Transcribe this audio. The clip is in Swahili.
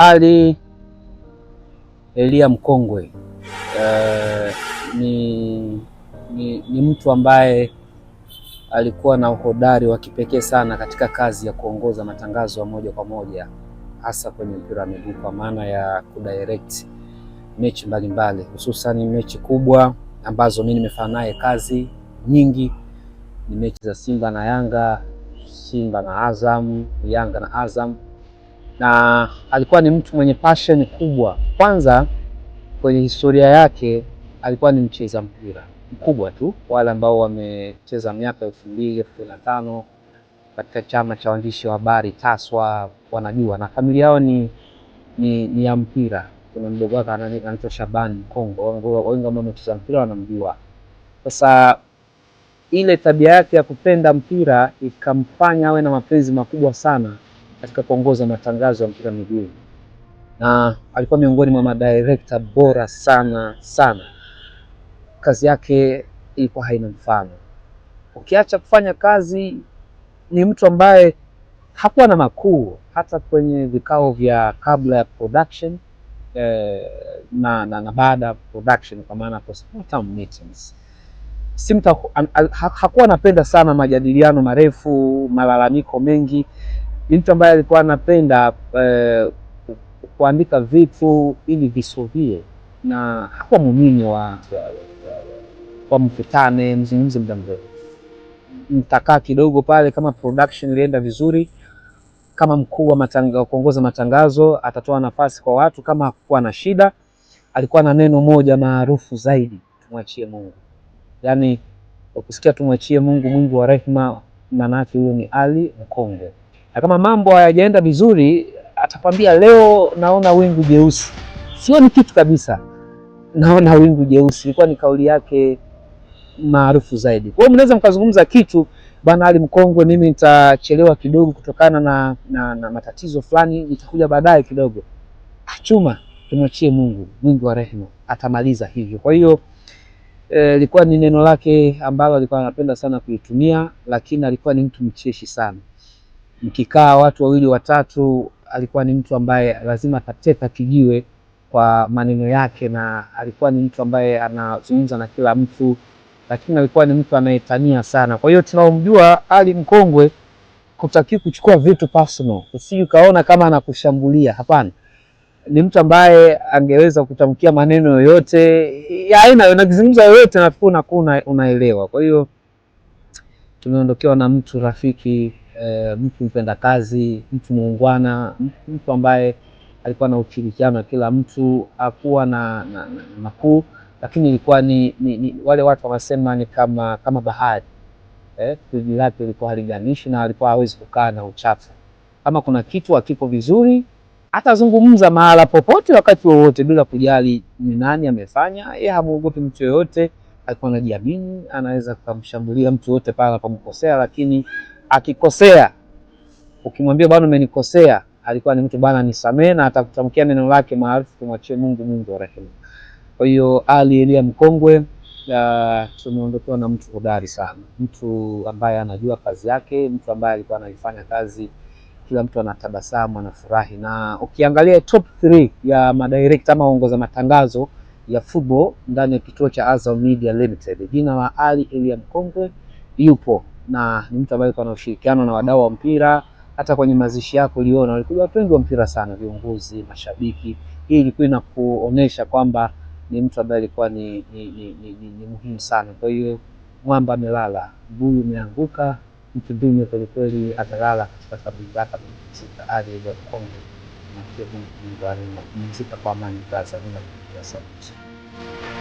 Ali Elia Mkongwe uh, ni, ni, ni mtu ambaye alikuwa na uhodari wa kipekee sana katika kazi ya kuongoza matangazo ya moja kwa moja hasa kwenye mpira wa miguu kwa maana ya kudirect mechi mbalimbali hususan mechi kubwa ambazo mimi nimefanya naye kazi nyingi ni mechi za Simba na Yanga, Simba na Azam, Yanga na Azam na alikuwa ni mtu mwenye passion kubwa. Kwanza kwenye historia yake alikuwa ni mcheza mpira mkubwa tu. Wale ambao wamecheza miaka elfu mbili elfu na tano katika chama cha waandishi wa habari TASWA wanajua, na familia yao ni, ni, ni ya mpira. Kuna mdogo wake anaitwa Shaban Kongo, wengi ambao wamecheza mpira wanamjua. Sasa ile tabia yake ya kupenda mpira ikamfanya awe na mapenzi makubwa sana katika kuongoza matangazo ya mpira miguu, na alikuwa miongoni mwa madirekta bora sana sana. Kazi yake ilikuwa haina mfano. Ukiacha kufanya kazi, ni mtu ambaye hakuwa na makuu hata kwenye vikao vya kabla ya production eh, na, na, na baada ya production kwa maana postmortem meetings. Simta hakuwa anapenda sana majadiliano marefu, malalamiko mengi mtu ambaye alikuwa anapenda eh, kuandika vitu ili visovie, na hakuwa muumini wa kwa mkutane mzungumze muda mrefu, mtakaa kidogo pale. Kama production ilienda vizuri, kama mkuu wa matanga, kuongoza matangazo atatoa nafasi kwa watu. Kama hakukuwa na shida, alikuwa na neno moja maarufu zaidi, tumwachie Mungu. Yani, ukisikia tumwachie Mungu, Mungu wa rehema, maana yake huyo ni Ali Mkongwe na kama mambo hayajaenda vizuri, atakwambia leo naona wingu jeusi. Sioni kitu kabisa, naona wingu jeusi, ilikuwa ni kauli yake maarufu zaidi. Kwa hiyo mnaweza mkazungumza kitu bwana Ali mkongwe, mimi nitachelewa kidogo kutokana na, na, na matatizo fulani, nitakuja baadaye kidogo. Ah, chuma tumwachie Mungu mwingi wa rehema, atamaliza hivyo. Kwa hiyo ilikuwa eh, e, ni neno lake ambalo alikuwa anapenda sana kuitumia lakini alikuwa ni mtu mcheshi sana mkikaa watu wawili watatu, alikuwa ni mtu ambaye lazima atateka kijiwe kwa maneno yake, na alikuwa ni mtu ambaye anazungumza na kila mtu, lakini alikuwa ni mtu anayetania sana. Kwa hiyo tunaomjua Ali Mkongwe, kutaki kuchukua vitu personal, usije ukaona kama anakushambulia. Hapana, ni mtu ambaye angeweza kutamkia maneno yoyote ya aina unakizungumza yoyote, nafikiri unakuwa unaelewa. Kwa hiyo tumeondokewa na mtu rafiki Eh, mtu mpenda kazi, mtu muungwana, mtu ambaye alikuwa na ushirikiano na kila mtu, hakuwa na makuu, lakini ilikuwa ni, ni, ni wale watu wanasema ni kama kama bahari eh, pili lake ilikuwa haliganishi na alikuwa hawezi kukaa na uchafu. Kama kuna kitu akipo vizuri atazungumza mahala popote wakati wowote bila kujali ni nani amefanya. Yeye hamuogopi mtu yoyote, alikuwa anajiamini, anaweza kumshambulia mtu yoyote pale anapomkosea, lakini akikosea ukimwambia bwana, umenikosea, alikuwa ni mtu bwana, nisamee na atakutamkia neno lake maarufu, tumwachie Mungu, Mungu wa rehema. Kwa hiyo Ali Elia mkongwe, ah, tumeondokewa na mtu hodari sana, mtu ambaye anajua kazi yake, mtu ambaye alikuwa anaifanya kazi, kila mtu anatabasamu, anafurahi. Na ukiangalia top 3 ya madirekta ama waongoza matangazo ya football ndani ya kituo cha Azam Media Limited, jina la Ali Elia mkongwe yupo na ni mtu ambaye ana ushirikiano na wadau wa mpira. Hata kwenye mazishi yako uliona walikuja watu wengi wa mpira sana, viongozi, mashabiki. Hii ilikuwa inakuonesha kwamba ni mtu ambaye alikuwa ni, ni, ni, ni, ni, ni muhimu sana. Kwa hiyo mwamba amelala, mbuyu umeanguka, mtu dume kwelikweli atalala katika kaburi lake katika ardhi ya Kongo na kwa Mungu ndiye kwa amani kwa sababu ya sauti